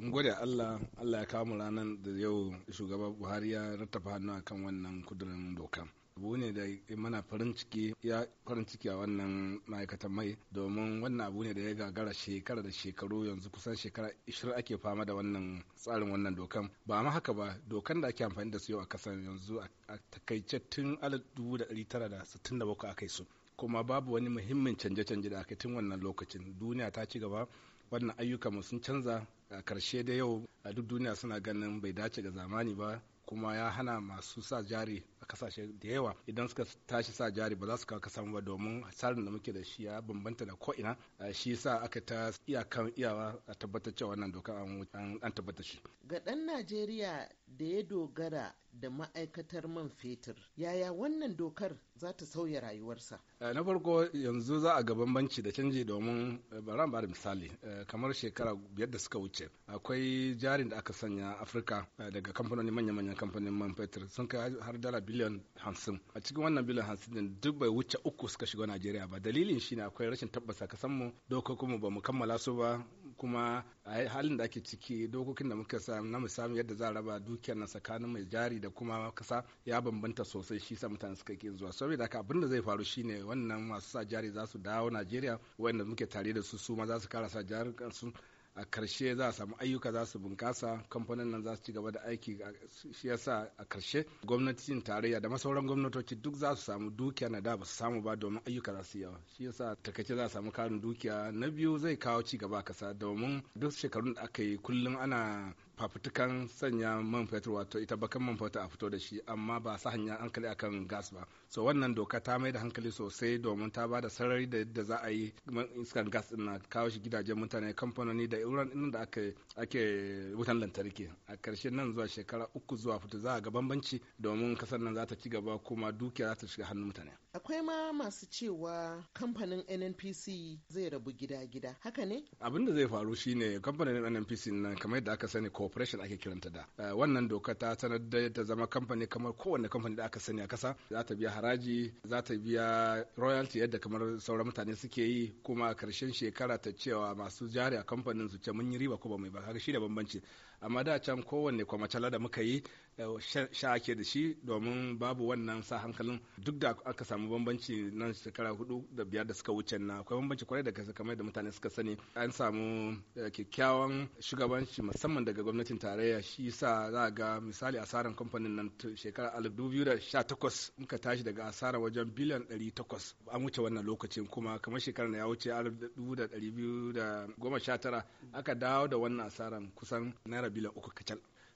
gwada Allah Allah ya kawo ranar da yau shugaba Buhari ya rattafa hannu a kan wannan kudurin doka abu ne da mana farin ciki ya farin a wannan ma'aikatan mai domin wannan abu ne da ya gagara shekara da shekaru yanzu kusan shekara 20 ake fama da wannan tsarin wannan dokan ba ma haka ba dokan da ake amfani da su yau a kasan yanzu a takaice tun 1967 aka yi su kuma babu wani muhimmin canje-canje da aka tun wannan lokacin duniya ta ci gaba wannan ayyuka mu sun canza a karshe da yau a duk duniya suna ganin bai dace ga zamani ba kuma ya hana masu sa jari a kasashe da yawa idan suka tashi sa jari ba za su kawo kasan ba domin tsarin da muke da shi ya bambanta da ko'ina shi sa aka ta iyakan iyawa a tabbatar cewa wannan doka an tabbatar shi ga ɗan najeriya da ya dogara da ma'aikatar man fetur yaya wannan dokar za ta sauya rayuwarsa eh, na farko yanzu za a ga bambanci da canji domin eh, baran ba da misali eh, kamar shekara biyar da suka wuce akwai jarin da aka sanya afirka daga kamfanoni manya-manyan kamfanin man fetur sun kai har dala biliyan hamsin a cikin wannan biliyan hamsin din duk bai wuce uku suka shiga najeriya ba dalilin shine akwai rashin tabbasa ka san mu dokokinmu ba mu kammala su ba kuma a halin da ake ciki dokokin da muka sa na musamman yadda za a raba dukiyar na tsakanin mai jari da kuma kasa ya bambanta sosai shi sa mutane suka ke zuwa saboda haka abin da zai faru shine wannan masu sa jari za su dawo Najeriya wanda muke tare da su su ma za su kara sa jarin kansu a karshe za a samu ayyuka za su bunƙasa kamfanin nan za su ci gaba da aiki shi yasa a karshe gwamnatin tarayya da masauran gwamnatoci duk za su samu dukiya na da ba su samu ba domin ayyuka za su yawa shi yasa takaice za a samu karin dukiya na biyu zai kawo ci gaba a kasa domin duk shekarun da aka yi kullum ana fafutukan sanya man fetur wato ita bakan man fetur a fito da shi amma ba sa hanya hankali akan gas ba so wannan doka ta mai da hankali sosai domin ta bada sarari da yadda za a yi iskan gas din na kawo shi gidajen mutane kamfanoni da iran inda da ake ake wutan lantarki a karshe nan zuwa shekara uku zuwa fito za a ga bambanci domin kasar nan za ta ci gaba kuma dukiya za ta shiga hannun mutane akwai ma masu cewa kamfanin NNPC zai rabu gida-gida haka ne abin da zai faru shine kamfanin NNPC nan kamar yadda aka sani ko corporation ake kiranta da eh, wannan doka ta sanar da ta zama kamfani kamar kowanne kamfani da aka sani a kasa za ta biya haraji za ta biya royalty yadda kamar sauran mutane suke yi kuma a karshen shekara ta cewa masu jari a kamfanin su ce mun yi riba ko ba mai ba kaga shi da bambanci amma da can kowanne kwamacala da muka yi eh, sha ake da shi domin babu wannan sa hankalin duk da aka samu bambanci nan shekara hudu da biyar da suka wuce na akwai bambanci kwarai da kasa kamar da mutane suka sani an samu eh, kyakkyawan shugabanci musamman daga gwamnati gwamnatin tarayya shi sa za ga misali asaran kamfanin nan shekarar 2018 muka tashi daga asara wajen biliyan 800 an wuce wannan lokacin kuma kamar shekarar ya wuce 2019 aka dawo da wannan asaran kusan naira biliyan uku kacal